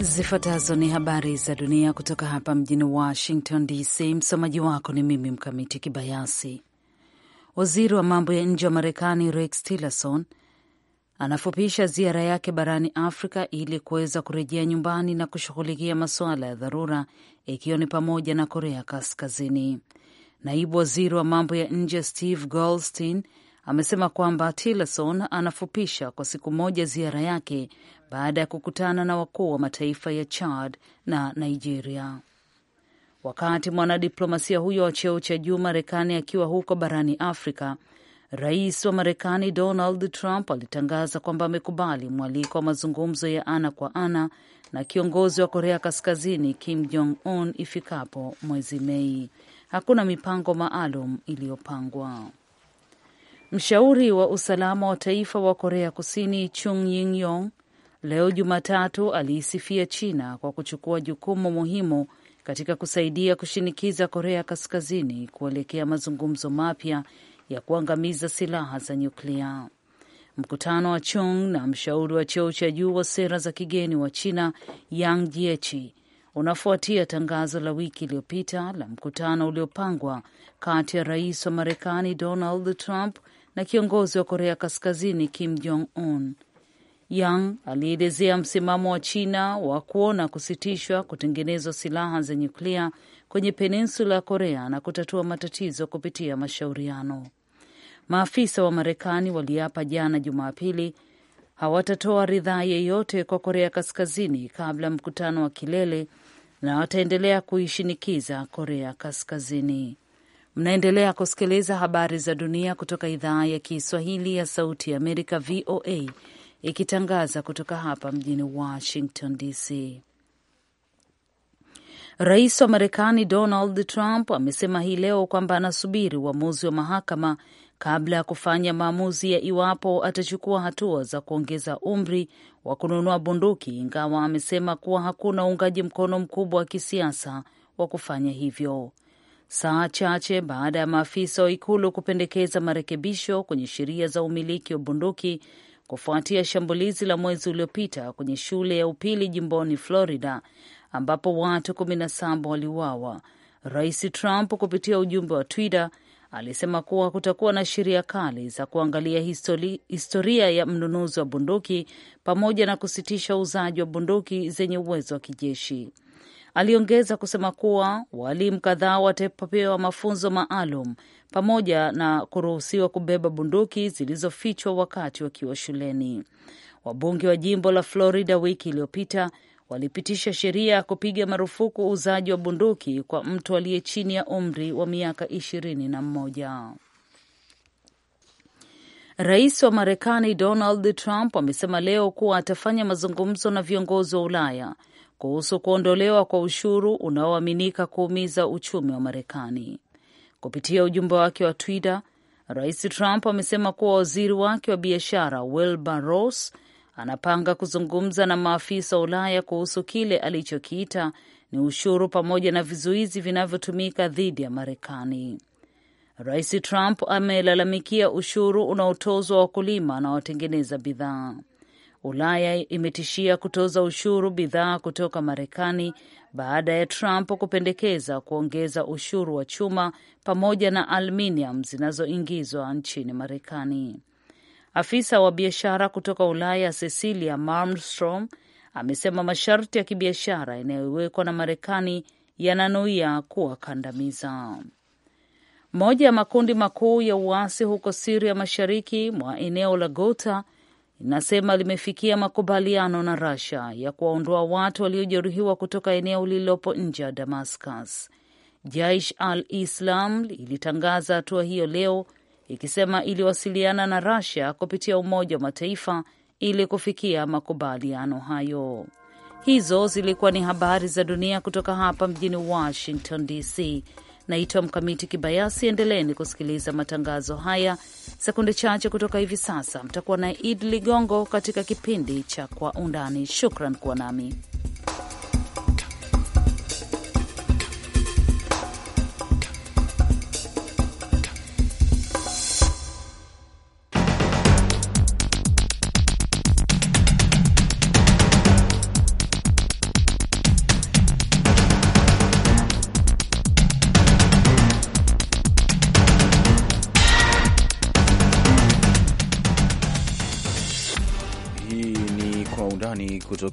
Zifuatazo ni habari za dunia kutoka hapa mjini Washington DC. Msomaji wako ni mimi Mkamiti Kibayasi. Waziri wa mambo ya nje wa Marekani Rex Tillerson anafupisha ziara yake barani Afrika ili kuweza kurejea nyumbani na kushughulikia masuala ya dharura, ikiwa ni pamoja na Korea Kaskazini. Naibu waziri wa mambo ya nje Steve Goldstein amesema kwamba Tillerson anafupisha kwa siku moja ziara yake baada ya kukutana na wakuu wa mataifa ya Chad na Nigeria. Wakati mwanadiplomasia huyo wa cheo cha juu Marekani akiwa huko barani Afrika, Rais wa Marekani Donald Trump alitangaza kwamba amekubali mwaliko wa mazungumzo ya ana kwa ana na kiongozi wa Korea Kaskazini Kim Jong Un ifikapo mwezi Mei. Hakuna mipango maalum iliyopangwa. Mshauri wa usalama wa taifa wa Korea Kusini Chung Ying Yong leo Jumatatu aliisifia China kwa kuchukua jukumu muhimu katika kusaidia kushinikiza Korea Kaskazini kuelekea mazungumzo mapya ya kuangamiza silaha za nyuklia. Mkutano wa Chung na mshauri wa cheo cha juu wa sera za kigeni wa China Yang Jiechi unafuatia tangazo la wiki iliyopita la mkutano uliopangwa kati ya rais wa Marekani Donald Trump na kiongozi wa Korea Kaskazini Kim Jong Un Yang alielezea msimamo wa China wa kuona kusitishwa kutengenezwa silaha za nyuklia kwenye peninsula ya Korea na kutatua matatizo kupitia mashauriano. Maafisa wa Marekani waliapa jana Jumapili hawatatoa ridhaa yeyote kwa Korea Kaskazini kabla ya mkutano wa kilele na wataendelea kuishinikiza Korea Kaskazini. Mnaendelea kusikiliza habari za dunia kutoka idhaa ya Kiswahili ya Sauti ya Amerika, VOA, ikitangaza kutoka hapa mjini Washington DC. Rais wa Marekani Donald Trump amesema hii leo kwamba anasubiri uamuzi wa mahakama kabla ya kufanya maamuzi ya iwapo atachukua hatua za kuongeza umri wa kununua bunduki, ingawa amesema kuwa hakuna uungaji mkono mkubwa wa kisiasa wa kufanya hivyo. Saa chache baada ya maafisa wa ikulu kupendekeza marekebisho kwenye sheria za umiliki wa bunduki kufuatia shambulizi la mwezi uliopita kwenye shule ya upili jimboni Florida ambapo watu 17 waliuawa. Rais Trump kupitia ujumbe wa Twitter alisema kuwa kutakuwa na sheria kali za kuangalia histori, historia ya mnunuzi wa bunduki pamoja na kusitisha uuzaji wa bunduki zenye uwezo wa kijeshi. Aliongeza kusema kuwa waalimu kadhaa watapewa mafunzo maalum pamoja na kuruhusiwa kubeba bunduki zilizofichwa wakati wakiwa shuleni. Wabunge wa jimbo la Florida wiki iliyopita walipitisha sheria ya kupiga marufuku uuzaji wa bunduki kwa mtu aliye chini ya umri wa miaka ishirini na mmoja. Rais wa Marekani Donald Trump amesema leo kuwa atafanya mazungumzo na viongozi wa Ulaya kuhusu kuondolewa kwa ushuru unaoaminika kuumiza uchumi wa Marekani. Kupitia ujumbe wake wa Twitter, Rais Trump amesema kuwa waziri wake wa biashara Wilbur Ross anapanga kuzungumza na maafisa wa Ulaya kuhusu kile alichokiita ni ushuru pamoja na vizuizi vinavyotumika dhidi ya Marekani. Rais Trump amelalamikia ushuru unaotozwa wakulima na watengeneza bidhaa. Ulaya imetishia kutoza ushuru bidhaa kutoka Marekani baada ya Trump kupendekeza kuongeza ushuru wa chuma pamoja na aluminium zinazoingizwa nchini Marekani. Afisa wa biashara kutoka Ulaya Cecilia Malmstrom amesema masharti ya kibiashara yanayowekwa na Marekani yananuia kuwakandamiza. Moja ya makundi makuu ya uasi huko Siria, mashariki mwa eneo la Gota, linasema limefikia makubaliano na Russia ya kuwaondoa watu waliojeruhiwa kutoka eneo lililopo nje ya Damascus. Jaish al-Islam ilitangaza hatua hiyo leo ikisema iliwasiliana na Russia kupitia Umoja wa Mataifa ili kufikia makubaliano hayo. Hizo zilikuwa ni habari za dunia kutoka hapa mjini Washington DC. Naitwa Mkamiti Kibayasi. Endeleeni kusikiliza matangazo haya Sekunde chache kutoka hivi sasa mtakuwa na Id Ligongo katika kipindi cha Kwa Undani. Shukran kuwa nami.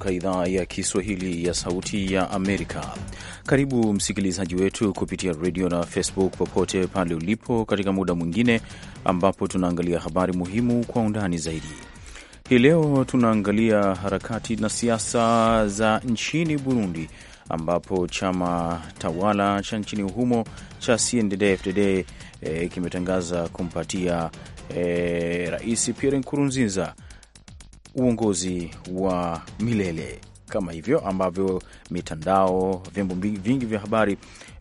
kutoka idhaa ya Kiswahili ya Sauti ya Amerika. Karibu msikilizaji wetu kupitia redio na Facebook popote pale ulipo, katika muda mwingine ambapo tunaangalia habari muhimu kwa undani zaidi. Hii leo tunaangalia harakati na siasa za nchini Burundi, ambapo chama tawala cha nchini humo cha CNDD-FDD eh, kimetangaza kumpatia eh, Rais Pierre Nkurunziza uongozi wa milele kama hivyo ambavyo mitandao, vyombo vingi vya habari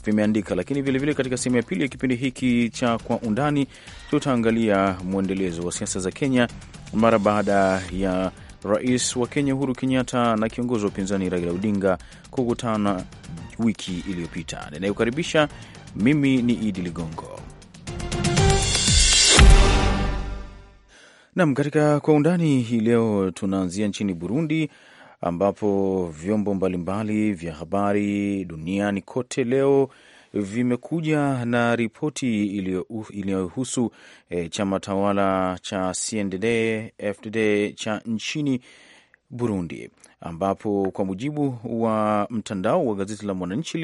vimeandika. Lakini vilevile vile katika sehemu ya pili ya kipindi hiki cha Kwa Undani tutaangalia mwendelezo wa siasa za Kenya mara baada ya rais wa Kenya Uhuru Kenyatta na kiongozi wa upinzani Raila Odinga kukutana wiki iliyopita. Ninayekukaribisha mimi ni Idi Ligongo. Nam, katika kwa undani hii leo tunaanzia nchini Burundi ambapo vyombo mbalimbali vya habari duniani kote leo vimekuja na ripoti iliyohusu e, chama tawala cha CNDD FDD cha nchini Burundi, ambapo kwa mujibu wa mtandao wa gazeti la Mwananchi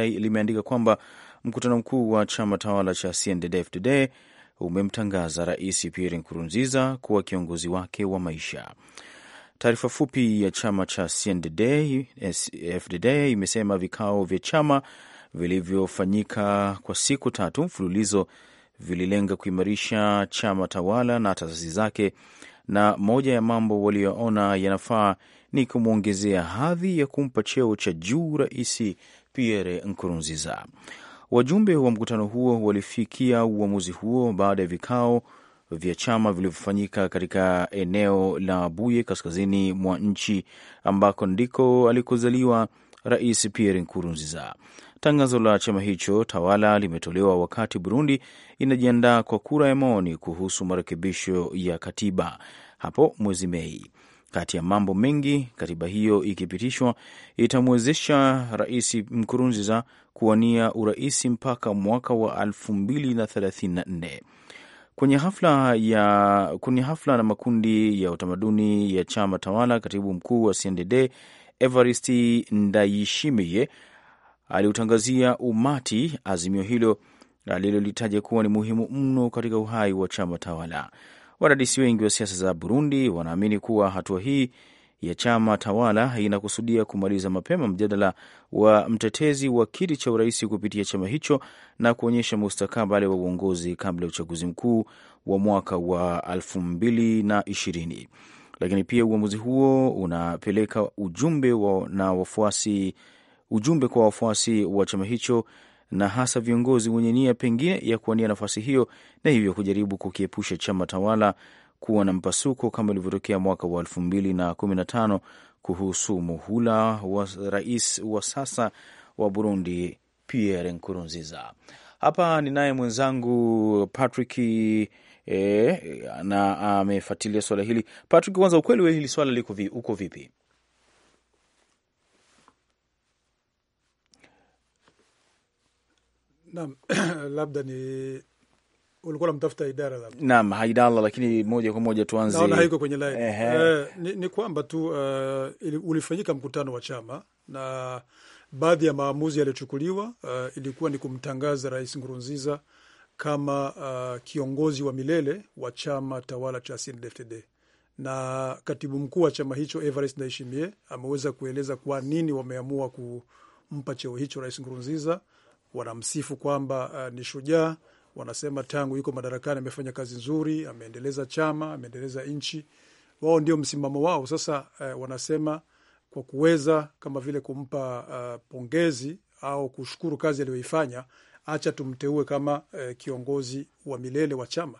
limeandika kwamba mkutano mkuu wa chama tawala cha CNDD FDD umemtangaza Rais Pierre Nkurunziza kuwa kiongozi wake wa maisha. Taarifa fupi ya chama cha CNDD FDD imesema vikao vya chama vilivyofanyika kwa siku tatu mfululizo vililenga kuimarisha chama tawala na taasisi zake, na moja ya mambo waliyoona yanafaa ni kumwongezea hadhi ya kumpa cheo cha juu Rais Pierre Nkurunziza. Wajumbe wa mkutano huo walifikia uamuzi huo baada ya vikao vya chama vilivyofanyika katika eneo la Buye kaskazini mwa nchi ambako ndiko alikozaliwa Rais Pierre Nkurunziza. Tangazo la chama hicho tawala limetolewa wakati Burundi inajiandaa kwa kura ya maoni kuhusu marekebisho ya katiba hapo mwezi Mei. Kati ya mambo mengi, katiba hiyo ikipitishwa itamwezesha Rais Nkurunziza kuwania urais mpaka mwaka wa 2034. Kwenye hafla ya kwenye hafla na makundi ya utamaduni ya chama tawala, katibu mkuu wa CNDD Evaristi Ndayishimiye aliutangazia umati azimio hilo alilolitaja kuwa ni muhimu mno katika uhai wa chama tawala. Wadadisi wengi wa siasa za Burundi wanaamini kuwa hatua hii ya chama tawala inakusudia kumaliza mapema mjadala wa mtetezi wa kiti cha urais kupitia chama hicho na kuonyesha mustakabali wa uongozi kabla ya uchaguzi mkuu wa mwaka wa elfu mbili na ishirini. Lakini pia uamuzi huo unapeleka ujumbe wa na wafuasi ujumbe kwa wafuasi wa chama hicho na hasa viongozi wenye nia pengine ya kuwania nafasi hiyo, na hivyo kujaribu kukiepusha chama tawala kuwa na mpasuko kama ilivyotokea mwaka wa elfu mbili na kumi na tano kuhusu muhula wa rais wa sasa wa Burundi Pierre Nkurunziza. Hapa ni naye mwenzangu Patrick eh, na amefuatilia swala hili. Patrick, kwanza ukweli wa hili swala liko vi, uko vipi? Naam, labda ni ulikuwa namtafuta idara labda. Naam, lakini moja kwa moja tuanze. Naona haiko kwenye line. Eh, ni, ni kwamba tu uh, ulifanyika mkutano wa chama na baadhi ya maamuzi yaliyochukuliwa uh, ilikuwa ni kumtangaza Rais Nkurunziza kama uh, kiongozi wa milele wa chama tawala cha CNDD-FDD na katibu mkuu wa chama hicho Evariste Ndayishimiye ameweza kueleza kwa nini wameamua kumpa cheo hicho Rais Nkurunziza wanamsifu kwamba uh, ni shujaa. Wanasema tangu yuko madarakani amefanya kazi nzuri, ameendeleza chama, ameendeleza nchi. Wao ndio msimamo wao. Sasa uh, wanasema kwa kuweza kama vile kumpa uh, pongezi au kushukuru kazi aliyoifanya, acha tumteue kama uh, kiongozi wa milele wa chama.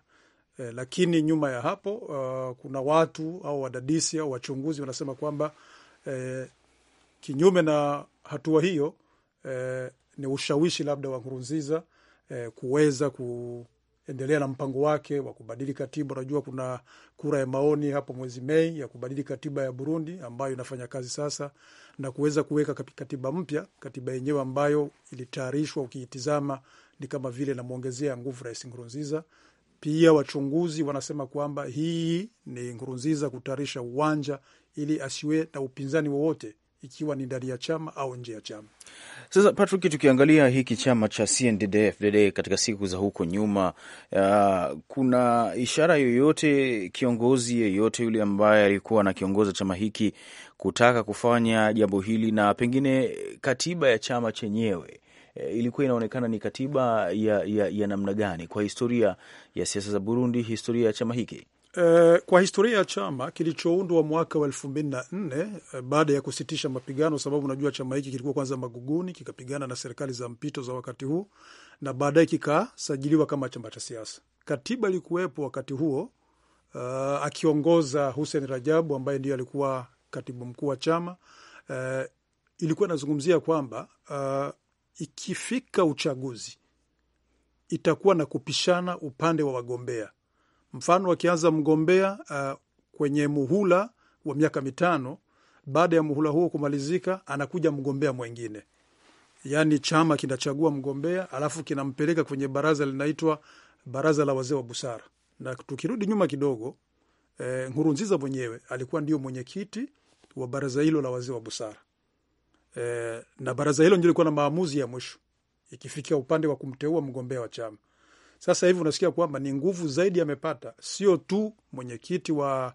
uh, lakini nyuma ya hapo uh, kuna watu au wadadisi au wachunguzi wanasema kwamba uh, kinyume na hatua hiyo uh, ni ushawishi labda wa Nkurunziza eh, kuweza kuendelea na mpango wake wa kubadili katiba. Unajua kuna kura ya maoni hapo mwezi Mei ya kubadili katiba ya Burundi ambayo inafanya kazi sasa na kuweza kuweka katiba mpya, katiba yenyewe ambayo ilitayarishwa, ukiitizama ni kama vile namwongezea nguvu Rais Nkurunziza. Pia wachunguzi wanasema kwamba hii ni Nkurunziza kutayarisha uwanja ili asiwe na upinzani wowote ikiwa ni ndani ya chama au nje ya chama. Sasa Patrick, tukiangalia hiki chama cha CNDD-FDD katika siku za huko nyuma, uh, kuna ishara yoyote, kiongozi yeyote yule ambaye alikuwa anakiongoza chama hiki kutaka kufanya jambo hili? Na pengine katiba ya chama chenyewe e, ilikuwa inaonekana ni katiba ya, ya, ya namna gani kwa historia ya siasa za Burundi, historia ya chama hiki? E, kwa historia ya chama kilichoundwa mwaka wa elfu mbili na nne eh, baada ya kusitisha mapigano, sababu unajua chama hiki kilikuwa kwanza maguguni, kikapigana na serikali za mpito za wakati huu na baadaye kikasajiliwa kama chama cha siasa. Katiba ilikuwepo wakati huo. Uh, akiongoza Hussein Rajabu ambaye ndiye alikuwa katibu mkuu wa chama uh, ilikuwa inazungumzia kwamba uh, ikifika uchaguzi itakuwa na kupishana upande wa wagombea Mfano, akianza mgombea uh, kwenye muhula wa miaka mitano, baada ya muhula huo kumalizika, anakuja mgombea mwengine. Yaani chama kinachagua mgombea alafu kinampeleka kwenye baraza linaitwa baraza la wazee wa busara. Na tukirudi nyuma kidogo, eh, Nkurunziza mwenyewe alikuwa ndio mwenyekiti wa baraza hilo la wazee wa busara. Eh, na baraza hilo ndio lilikuwa na maamuzi ya mwisho ikifikia upande wa kumteua mgombea wa chama. Sasa hivi unasikia kwamba ni nguvu zaidi amepata, sio tu mwenyekiti wa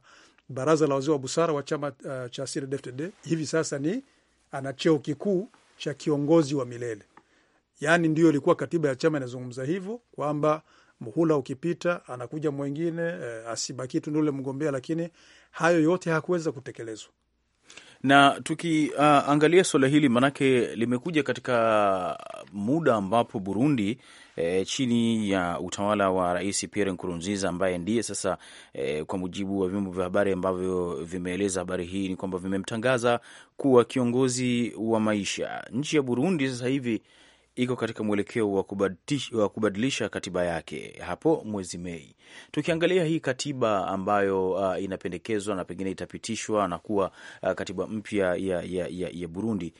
baraza la wazee wa busara wa chama uh, cha CNDD-FDD. Hivi sasa ni ana cheo kikuu cha kiongozi wa milele, yaani ndio ilikuwa katiba ya chama inazungumza hivyo kwamba muhula ukipita anakuja mwengine eh, uh, asibaki tu ndule mgombea, lakini hayo yote hakuweza kutekelezwa. Na tukiangalia uh, suala hili maanake limekuja katika muda ambapo Burundi e, chini ya utawala wa Rais Pierre Nkurunziza ambaye ndiye sasa e, kwa mujibu wa vyombo vya habari ambavyo vimeeleza habari hii ni kwamba vimemtangaza kuwa kiongozi wa maisha. Nchi ya Burundi sasa hivi iko katika mwelekeo wa kubadilisha katiba yake hapo mwezi Mei. Tukiangalia hii katiba ambayo uh, inapendekezwa na pengine itapitishwa na kuwa uh, katiba mpya ya, ya, ya, ya Burundi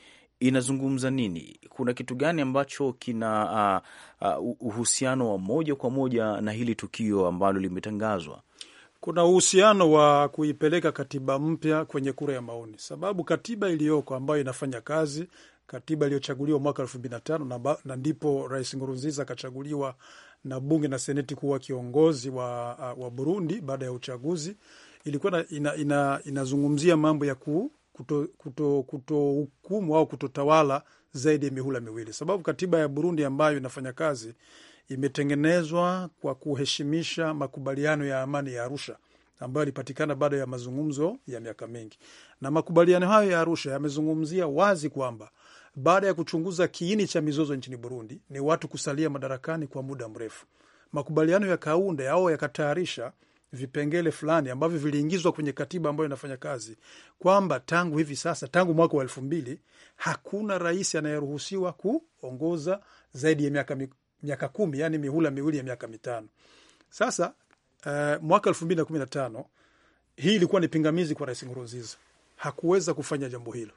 inazungumza nini? Kuna kitu gani ambacho kina uh, uh, uhusiano wa moja kwa moja na hili tukio ambalo limetangazwa? Kuna uhusiano wa kuipeleka katiba mpya kwenye kura ya maoni, sababu katiba iliyoko ambayo inafanya kazi, katiba iliyochaguliwa mwaka elfu mbili na tano na ndipo Rais nguruziza akachaguliwa na bunge na seneti kuwa kiongozi wa, wa Burundi baada ya uchaguzi, ilikuwa ina, ina, inazungumzia mambo ya ku kutohukumu kuto, kuto au kutotawala zaidi ya mihula miwili, sababu katiba ya Burundi ambayo inafanya kazi imetengenezwa kwa kuheshimisha makubaliano ya amani ya Arusha ambayo yalipatikana baada ya mazungumzo ya miaka mingi, na makubaliano hayo ya Arusha yamezungumzia wazi kwamba baada ya kuchunguza kiini cha mizozo nchini Burundi ni watu kusalia madarakani kwa muda mrefu. Makubaliano ya Kaunda au yakatayarisha vipengele fulani ambavyo viliingizwa kwenye katiba ambayo inafanya kazi kwamba tangu hivi sasa, tangu mwaka wa elfu mbili hakuna rais anayeruhusiwa kuongoza zaidi ya miaka, miaka kumi, yani mihula miwili ya miaka mitano. Sasa uh, mwaka elfu mbili na kumi na tano hii ilikuwa ni pingamizi kwa rais Nkurunziza, hakuweza kufanya jambo hilo,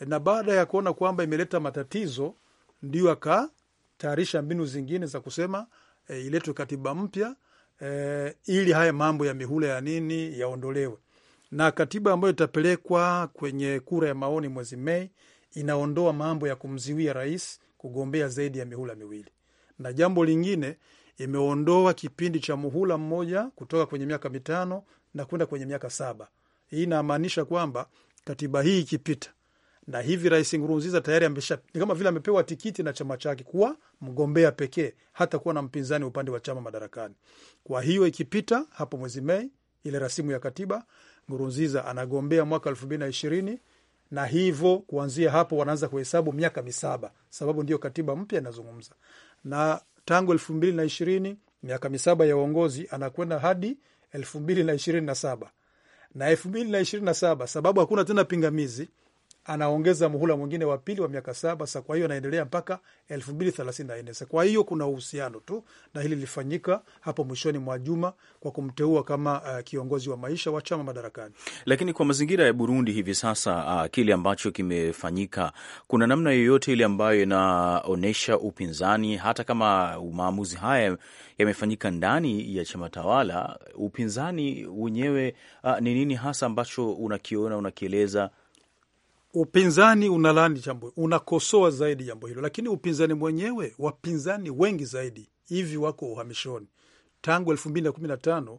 na baada ya kuona kwamba imeleta matatizo, ndio akatayarisha mbinu zingine za kusema e, iletwe katiba mpya eh, ili haya mambo ya mihula ya nini yaondolewe. Na katiba ambayo itapelekwa kwenye kura ya maoni mwezi Mei inaondoa mambo ya kumziwia rais kugombea zaidi ya mihula miwili, na jambo lingine imeondoa kipindi cha muhula mmoja kutoka kwenye miaka mitano na kwenda kwenye miaka saba. Hii inamaanisha kwamba katiba hii ikipita na hivi Rais Nkurunziza tayari amesha, ni kama vile amepewa tikiti na chama chake kuwa mgombea pekee, hata kuwa na mpinzani upande wa chama madarakani. Kwa hiyo ikipita hapo mwezi Mei ile rasimu ya katiba, Nkurunziza anagombea mwaka elfu mbili na ishirini na hivyo kuanzia hapo wanaanza kuhesabu miaka misaba, sababu ndio katiba mpya inazungumza. Na tangu elfu mbili na ishirini miaka misaba ya uongozi anakwenda hadi elfu mbili na ishirini na saba na elfu mbili na ishirini na saba sababu hakuna tena pingamizi anaongeza muhula mwingine wa pili wa miaka saba. Sa kwa hiyo anaendelea mpaka elfu mbili thelathini na nne. Sa kwa hiyo kuna uhusiano tu na hili lilifanyika hapo mwishoni mwa juma kwa kumteua kama uh, kiongozi wa maisha wa chama madarakani. Lakini kwa mazingira ya Burundi hivi sasa, uh, kile ambacho kimefanyika, kuna namna yoyote ile ambayo inaonyesha upinzani, hata kama maamuzi haya yamefanyika ndani ya chama tawala, upinzani wenyewe uh, ni uh, nini hasa ambacho unakiona unakieleza upinzani unalani jambo, unakosoa zaidi jambo hilo, lakini upinzani mwenyewe, wapinzani wengi zaidi hivi wako uhamishoni tangu elfu mbili na kumi na tano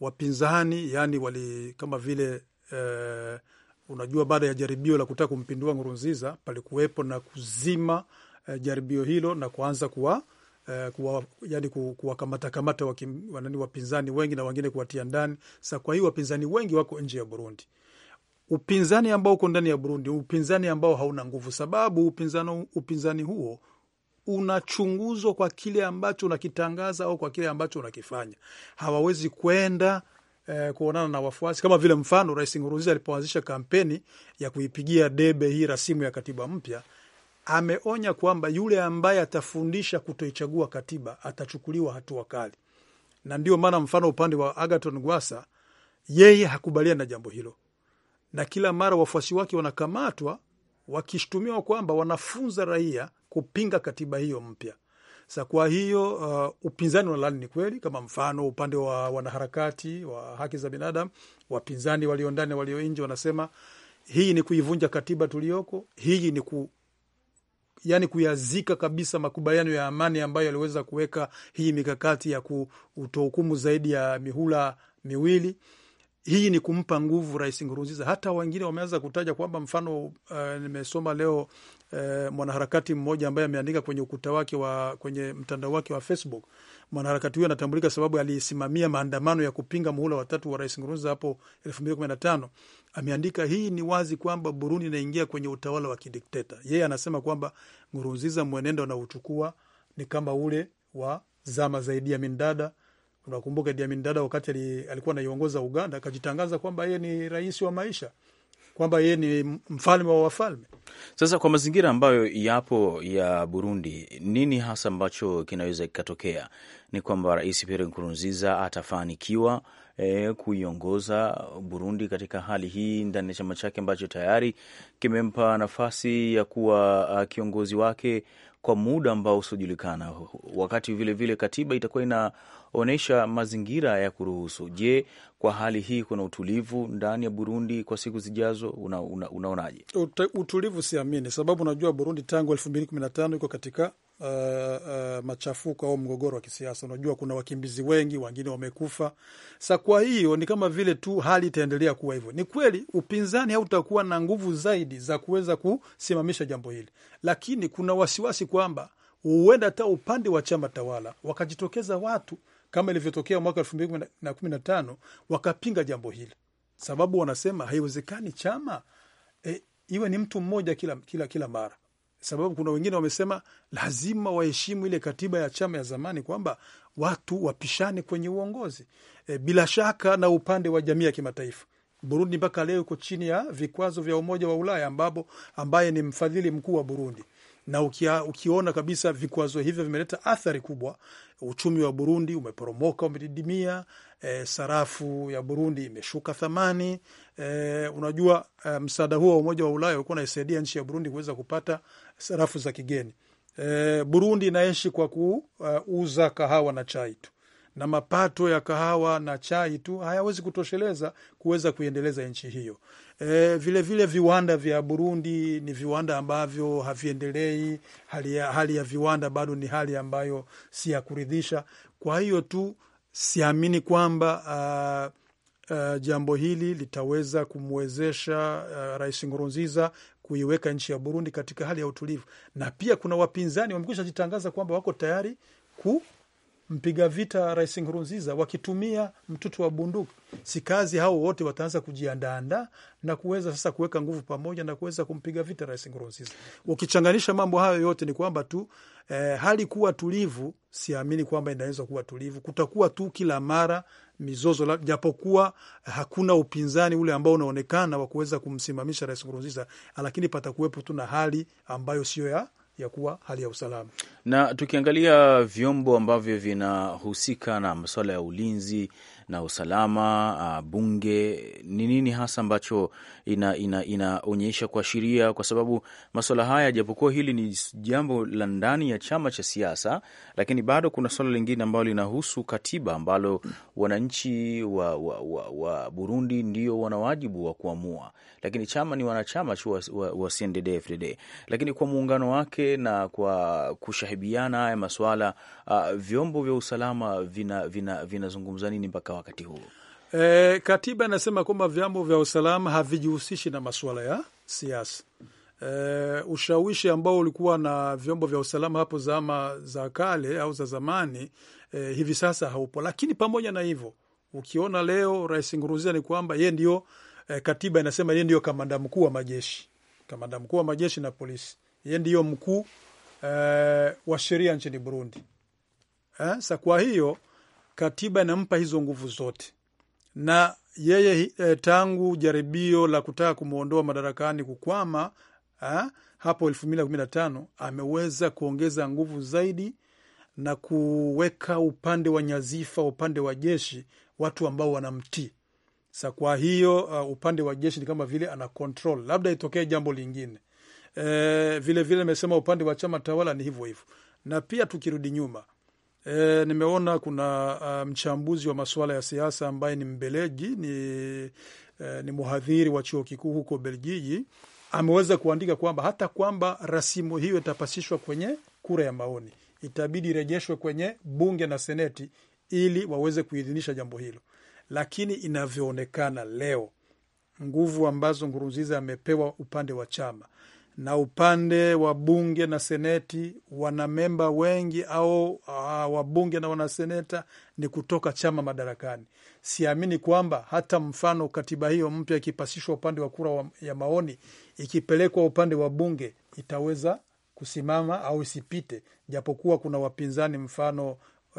wapinzani yani wali kama vile eh, unajua baada ya jaribio la kutaka kumpindua Nkurunziza palikuwepo na kuzima eh, jaribio hilo na kuanza kuwa eh, kuwa, yani kuwakamata kamata wanani wapinzani wengi na wengine kuwatia ndani. sa kwa hiyo wapinzani wengi wako nje ya Burundi upinzani ambao uko ndani ya Burundi, upinzani ambao hauna nguvu, sababu upinzano, upinzani huo unachunguzwa kwa kile ambacho unakitangaza au kwa kile ambacho unakifanya. Hawawezi kwenda eh, kuonana na wafuasi, kama vile mfano Rais Nkurunziza alipoanzisha kampeni ya kuipigia debe hii rasimu ya katiba mpya ameonya kwamba yule ambaye atafundisha kutoichagua katiba atachukuliwa hatua kali, na ndio maana mfano upande wa Agaton Gwasa yeye hakubaliana na jambo hilo na kila mara wafuasi wake wanakamatwa wakishtumiwa kwamba wanafunza raia kupinga katiba hiyo mpya. Sa kwa hiyo uh, upinzani wanalaani ni kweli, kama mfano upande wa wanaharakati wa haki za binadamu, wapinzani walio ndani walio nje, wanasema hii ni kuivunja katiba tuliyoko, hii ni ku yani kuyazika kabisa makubaliano ya amani ambayo yaliweza kuweka hii mikakati ya kutohukumu zaidi ya mihula miwili hii ni kumpa nguvu Rais Nkurunziza. Hata wengine wameanza kutaja kwamba mfano, uh, nimesoma leo uh, mwanaharakati mmoja ambaye ameandika kwenye ukuta wake wa kwenye mtandao wake wa Facebook. Mwanaharakati huyo anatambulika sababu alisimamia maandamano ya kupinga muhula watatu wa Rais Nkurunziza hapo elfu mbili kumi na tano. Ameandika, hii ni wazi kwamba Burundi inaingia kwenye utawala wa kidikteta. Yeye anasema kwamba Nkurunziza mwenendo anauchukua ni kama ule wa zama zaidi ya mindada Unakumbuka Amin Dada wakati alikuwa anaiongoza Uganda akajitangaza kwamba yeye ni rais wa maisha, kwamba yeye ni mfalme wa wafalme. Sasa kwa mazingira ambayo yapo ya Burundi, nini hasa ambacho kinaweza kikatokea? Ni kwamba Rais Pierre Nkurunziza atafanikiwa E, kuiongoza Burundi katika hali hii ndani ya chama chake ambacho tayari kimempa nafasi ya kuwa ah, kiongozi wake kwa muda ambao usiojulikana, wakati vilevile vile katiba itakuwa inaonyesha mazingira ya kuruhusu. Je, kwa hali hii kuna utulivu ndani ya Burundi kwa siku zijazo? Unaonaje? Una, una utulivu siamini, sababu najua Burundi tangu elfu mbili kumi na tano iko katika uh, uh, machafuko au mgogoro wa kisiasa. Unajua kuna wakimbizi wengi, wengine wamekufa. Sa kwa hiyo ni kama vile tu hali itaendelea kuwa hivyo. Ni kweli upinzani hautakuwa na nguvu zaidi za kuweza kusimamisha jambo hili, lakini kuna wasiwasi kwamba huenda hata upande wa chama tawala wakajitokeza watu kama ilivyotokea mwaka elfu mbili na kumi na tano wakapinga jambo hili, sababu wanasema haiwezekani chama e, iwe ni mtu mmoja kila, kila, kila mara sababu kuna wengine wamesema lazima waheshimu ile katiba ya chama ya zamani kwamba watu wapishane kwenye uongozi e, bila shaka na upande wa jamii ya kimataifa. Burundi mpaka leo iko chini ya vikwazo vya Umoja wa Ulaya ambapo ambaye ni mfadhili mkuu wa Burundi na ukia, ukiona kabisa vikwazo hivyo vimeleta athari kubwa uchumi wa Burundi umeporomoka, umedidimia. E, sarafu ya Burundi imeshuka thamani. E, unajua e, msaada huo wa Umoja wa Ulaya ulikuwa unaisaidia nchi ya Burundi kuweza kupata sarafu za kigeni. E, Burundi inaishi kwa kuuza kahawa na chai tu na mapato ya kahawa na chai tu hayawezi kutosheleza kuweza kuiendeleza nchi hiyo. E, vile vile viwanda vya Burundi ni viwanda ambavyo haviendelei. Hali ya, hali ya viwanda bado ni hali ambayo si ya kuridhisha. Kwa hiyo tu siamini kwamba uh, Uh, jambo hili litaweza kumwezesha uh, Rais Nkurunziza kuiweka nchi ya Burundi katika hali ya utulivu, na pia kuna wapinzani wamekwisha jitangaza kwamba wako tayari ku mpiga vita Rais Nkurunziza wakitumia mtutu wa bunduki, si kazi hao wote wataanza kujiandaanda na kuweza sasa kuweka nguvu pamoja na kuweza kumpiga vita Rais Nkurunziza. Ukichanganisha mambo hayo yote, ni kwamba tu eh, hali kuwa tulivu, siamini kwamba inaweza kuwa tulivu. Kutakuwa tu kila mara mizozo, japokuwa hakuna upinzani ule ambao unaonekana wa kuweza kumsimamisha Rais Nkurunziza, lakini patakuwepo tu na hali ambayo sio ya ya kuwa hali ya usalama. Na tukiangalia vyombo ambavyo vinahusika na masuala ya ulinzi na usalama, bunge, ni nini hasa ambacho inaonyesha ina, ina kuashiria? Kwa sababu masuala haya, japokuwa hili ni jambo la ndani ya chama cha siasa, lakini bado kuna swala lingine ambalo linahusu katiba ambalo wananchi wa, wa, wa, wa Burundi ndio wana wajibu wa kuamua, lakini chama ni wanachama chu wa, wa, wa CNDD-FDD, lakini kwa muungano wake na kwa kushahibiana haya maswala uh, vyombo vya usalama vinazungumza vina, vina nini mpaka wakati huu? E, katiba inasema kwamba vyombo vya usalama havijihusishi na masuala ya siasa. E, ushawishi ambao ulikuwa na vyombo vya usalama hapo zama za kale au za zamani e, hivi sasa haupo, lakini pamoja na hivyo ukiona leo Rais Nkurunziza ni kwamba yeye ndio e, katiba inasema yeye ndio kamanda mkuu wa majeshi, kamanda mkuu wa majeshi na polisi, yeye ndio mkuu e, wa sheria nchini Burundi. Eh, sa kwa hiyo katiba inampa hizo nguvu zote na yeye eh, tangu jaribio la kutaka kumwondoa madarakani kukwama eh, hapo elfu mbili na kumi na tano ameweza kuongeza nguvu zaidi na kuweka upande wa nyazifa, upande wa jeshi, watu ambao wanamtii. Sa kwa hiyo uh, upande wa jeshi ni kama vile ana control, labda itokee jambo lingine eh, vile amesema upande wa chama tawala ni hivyo hivyo, na pia tukirudi nyuma E, nimeona kuna e, mchambuzi wa masuala ya siasa ambaye ni Mbeleji ni, e, ni mhadhiri wa chuo kikuu huko Belgiji ameweza kuandika kwamba hata kwamba rasimu hiyo itapasishwa kwenye kura ya maoni, itabidi irejeshwe kwenye bunge na seneti ili waweze kuidhinisha jambo hilo, lakini inavyoonekana leo, nguvu ambazo Nkurunziza amepewa upande wa chama na upande wa bunge na seneti wanamemba wengi au uh, ah, wabunge na wanaseneta ni kutoka chama madarakani. Siamini kwamba hata mfano katiba hiyo mpya ikipasishwa upande wa kura ya maoni ikipelekwa upande wa bunge itaweza kusimama au isipite, japokuwa kuna wapinzani mfano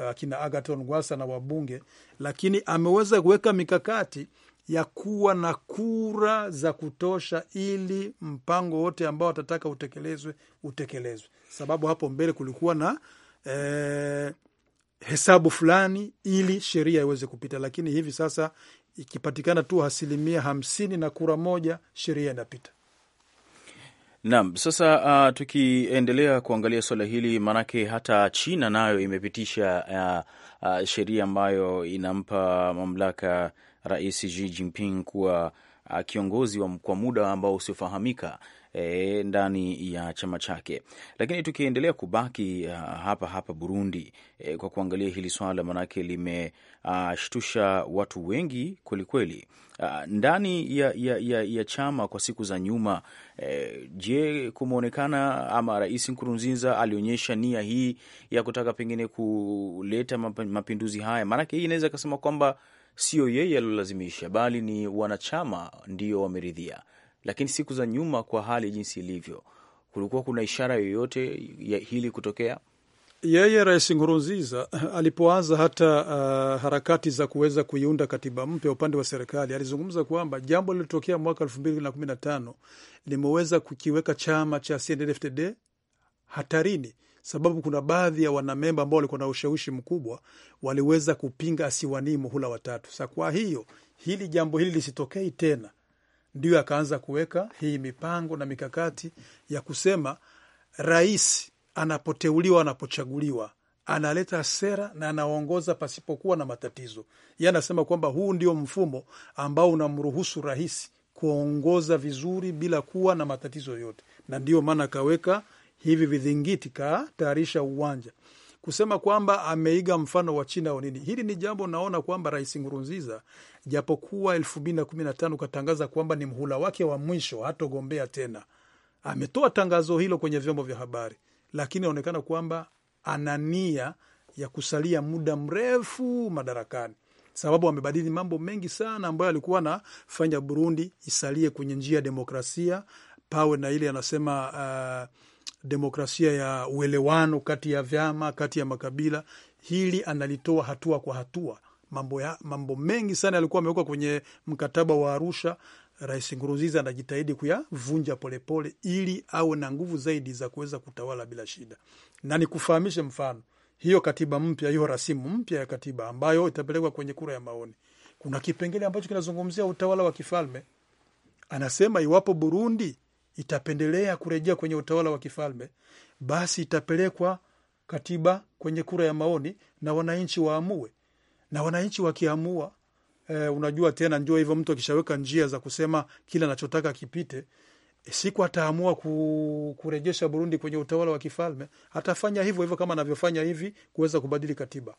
akina ah, uh, Agaton Gwasa na wabunge, lakini ameweza kuweka mikakati ya kuwa na kura za kutosha ili mpango wote ambao watataka utekelezwe utekelezwe, sababu hapo mbele kulikuwa na eh, hesabu fulani ili sheria iweze kupita, lakini hivi sasa ikipatikana tu asilimia hamsini na kura moja sheria inapita. Naam, sasa uh, tukiendelea kuangalia suala hili, maanake hata China nayo imepitisha uh, uh, sheria ambayo inampa mamlaka Rais Xi Jinping kuwa uh, kiongozi wa kwa muda ambao usiofahamika e, ndani ya chama chake. Lakini tukiendelea kubaki uh, hapa hapa Burundi e, kwa kuangalia hili swala, maanake limeshtusha uh, watu wengi kwelikweli ndani ya, ya, ya, ya chama kwa siku za nyuma e, je, kumeonekana ama Rais Nkurunziza alionyesha nia hii ya kutaka pengine kuleta mapinduzi haya? Maanake hii inaweza ikasema kwamba sio yeye alolazimisha, bali ni wanachama ndio wameridhia. Lakini siku za nyuma, kwa hali jinsi ilivyo, kulikuwa kuna ishara yoyote ya hili kutokea? Yeye Rais Nkurunziza alipoanza hata uh, harakati za kuweza kuiunda katiba mpya upande wa serikali, alizungumza kwamba jambo lililotokea mwaka elfu mbili na kumi na tano limeweza kukiweka chama cha CNDD-FDD hatarini sababu kuna baadhi ya wanamemba ambao walikuwa na ushawishi mkubwa waliweza kupinga asiwanii muhula watatu. Sa kwa hiyo hili jambo hili lisitokei tena, ndio akaanza kuweka hii mipango na mikakati ya kusema rais anapoteuliwa, anapochaguliwa analeta sera na anaongoza pasipokuwa na matatizo. Ye anasema kwamba huu ndio mfumo ambao unamruhusu rais kuongoza vizuri bila kuwa na matatizo yoyote, na ndiyo maana akaweka hivi vidhingiti katayarisha uwanja. Kusema kwamba ameiga mfano wa China au nini, hili ni jambo naona kwamba Rais Nkurunziza japokuwa elfu mbili na kumi na tano katangaza kwamba ni mhula wake wa mwisho, hatogombea tena, ametoa tangazo hilo kwenye vyombo vya habari, lakini inaonekana kwamba ana nia ya kusalia muda mrefu madarakani, sababu amebadili mambo mengi sana ambayo alikuwa anafanya Burundi isalie kwenye njia ya demokrasia, pawe na ile anasema uh, demokrasia ya uelewano kati ya vyama, kati ya makabila, hili analitoa hatua kwa hatua. Mambo, ya, mambo mengi sana yalikuwa amewekwa kwenye mkataba wa Arusha. Rais Nkurunziza anajitahidi kuyavunja polepole ili awe na nguvu zaidi za kuweza kutawala bila shida. Na nikufahamishe mfano, hiyo katiba mpya, hiyo rasimu mpya ya katiba ambayo itapelekwa kwenye kura ya maoni, kuna kipengele ambacho kinazungumzia utawala wa kifalme. Anasema iwapo Burundi itapendelea kurejea kwenye utawala wa kifalme, basi itapelekwa katiba kwenye kura ya maoni na wananchi waamue. Na wananchi wakiamua, e, unajua tena ndio hivyo, mtu akishaweka njia za kusema kile anachotaka kipite, e, siku ataamua kurejesha Burundi kwenye utawala wa kifalme, atafanya hivyo hivyo kama anavyofanya hivi kuweza kubadili katiba.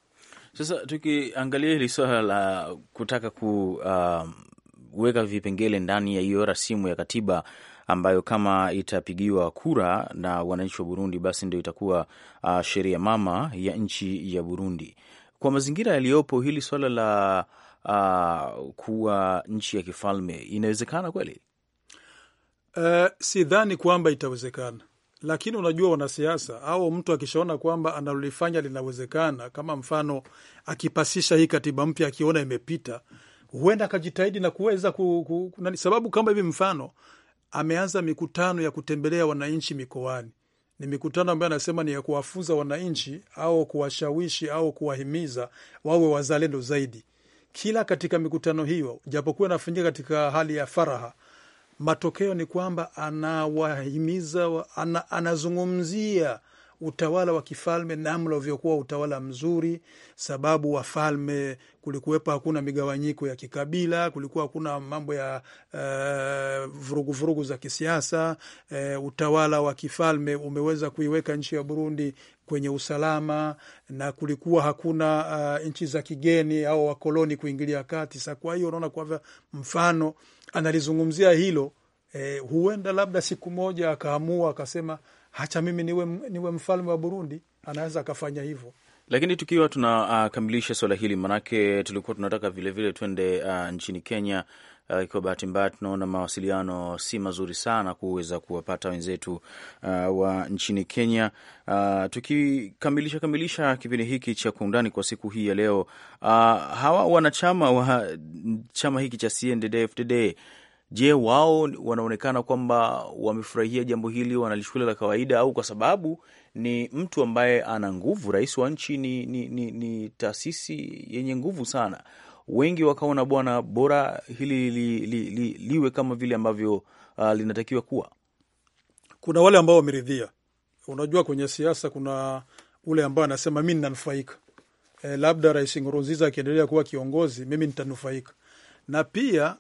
Sasa tukiangalia hili swala la kutaka kuweka um, uh, vipengele ndani ya hiyo rasimu ya katiba ambayo kama itapigiwa kura na wananchi wa Burundi, basi ndio itakuwa uh, sheria mama ya nchi ya Burundi. Kwa mazingira yaliyopo, hili swala la uh, kuwa nchi ya kifalme inawezekana kweli? Uh, sidhani kwamba itawezekana, lakini unajua wanasiasa au mtu akishaona kwamba analolifanya linawezekana, kama mfano akipasisha hii katiba mpya akiona imepita, huenda akajitahidi na kuweza ku, ku, ku, sababu kama hivi mfano ameanza mikutano ya kutembelea wananchi mikoani. Ni mikutano ambayo anasema ni ya kuwafunza wananchi au kuwashawishi au kuwahimiza wawe wazalendo zaidi. Kila katika mikutano hiyo, japokuwa inafanyika katika hali ya faraha, matokeo ni kwamba anawahimiza, anazungumzia utawala wa kifalme namna ulivyokuwa utawala mzuri, sababu wafalme kulikuwepo hakuna migawanyiko ya kikabila, kulikuwa hakuna mambo ya vuruguvurugu eh, uh, vurugu za kisiasa. Uh, utawala wa kifalme umeweza kuiweka nchi ya Burundi kwenye usalama na kulikuwa hakuna uh, nchi za kigeni au wakoloni kuingilia kati. Sa kwa hiyo unaona kwamba mfano analizungumzia hilo eh, huenda labda siku moja akaamua akasema hacha mimi niwe, niwe mfalme wa Burundi, anaweza akafanya hivyo. Lakini tukiwa tunakamilisha uh, swala hili, maanake tulikuwa tunataka vilevile twende uh, nchini Kenya. Uh, kwa bahati mbaya tunaona mawasiliano si mazuri sana kuweza kuwapata wenzetu uh, wa nchini Kenya. Uh, tukikamilisha kamilisha kipindi hiki cha Kwa Undani kwa siku hii ya leo, uh, hawa wanachama wa chama hiki cha CNDD-FDD Je, wao wanaonekana kwamba wamefurahia jambo hili, wanalishukulia la kawaida, au kwa sababu ni mtu ambaye ana nguvu, rais wa nchi ni, ni, ni, ni taasisi yenye nguvu sana, wengi wakaona bwana, bora hili li, li, li, liwe kama vile ambavyo uh, linatakiwa kuwa. Kuna wale ambao wameridhia. Unajua, kwenye siasa kuna ule ambaye anasema mi ninanufaika, e, labda Rais Nkurunziza akiendelea kuwa kiongozi, mimi nitanufaika na pia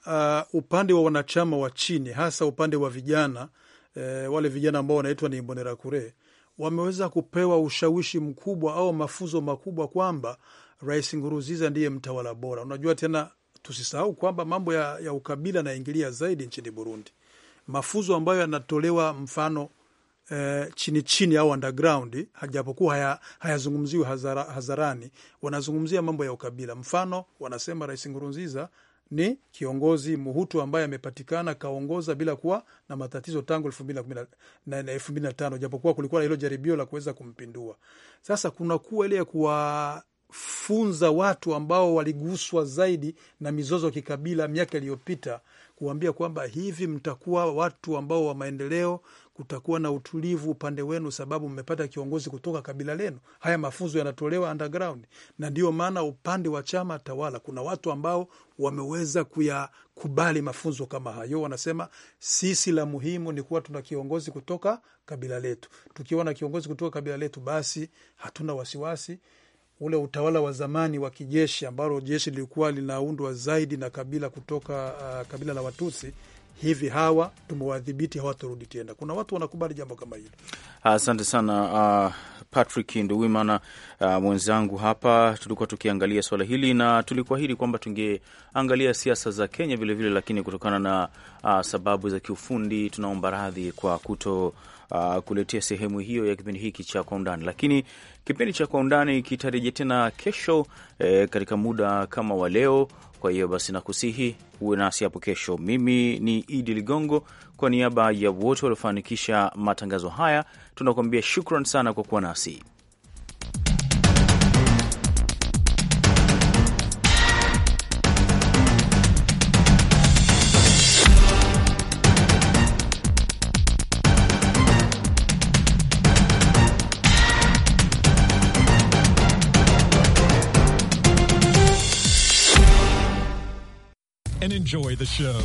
uh, upande wa wanachama wa chini, hasa upande wa vijana eh, wale vijana ambao wanaitwa ni Imbonerakure wameweza kupewa ushawishi mkubwa au mafunzo makubwa kwamba Rais Nguruziza ndiye mtawala bora. Unajua tena, tusisahau kwamba mambo ya, ya ukabila yanaingilia zaidi nchini Burundi, mafunzo ambayo yanatolewa mfano eh, chini chini au underground, japokuwa haya, hayazungumziwi hazara, hazarani, wanazungumzia mambo ya ukabila. Mfano wanasema Rais Nguruziza ni kiongozi muhutu ambaye amepatikana kaongoza bila kuwa na matatizo tangu elfu mbili na tano japokuwa kulikuwa na hilo jaribio la kuweza kumpindua. Sasa kuna kuwa ile ya kuwafunza watu ambao waliguswa zaidi na mizozo ya kikabila miaka iliyopita, kuambia kwamba hivi mtakuwa watu ambao wa maendeleo kutakuwa na utulivu upande wenu, sababu mmepata kiongozi kutoka kabila lenu. Haya mafunzo yanatolewa underground, na ndiyo maana upande wa chama tawala kuna watu ambao wameweza kuyakubali mafunzo kama hayo. Wanasema sisi la muhimu ni kuwa tuna kiongozi kutoka kabila letu. Tukiwa na kiongozi kutoka kabila letu, basi hatuna wasiwasi ule utawala wa zamani wa kijeshi ambalo jeshi lilikuwa linaundwa zaidi na kabila kutoka uh, kabila la Watusi hivi hawa tumewadhibiti, hawatarudi tena. Kuna watu wanakubali jambo kama hilo. Asante sana uh, Patrick Nduwimana uh, mwenzangu hapa. Tulikuwa tukiangalia swala hili na tulikuahidi kwamba tungeangalia siasa za Kenya vilevile, lakini kutokana na uh, sababu za kiufundi tunaomba radhi kwa kuto Uh, kuletea sehemu hiyo ya kipindi hiki cha Kwa Undani, lakini kipindi cha Kwa Undani kitarejea tena kesho eh, katika muda kama wa leo kwa hiyo basi, nakusihi uwe nasi hapo kesho. Mimi ni Idi Ligongo, kwa niaba ya wote waliofanikisha matangazo haya tunakuambia shukran sana kwa kuwa nasi. enjoy the show.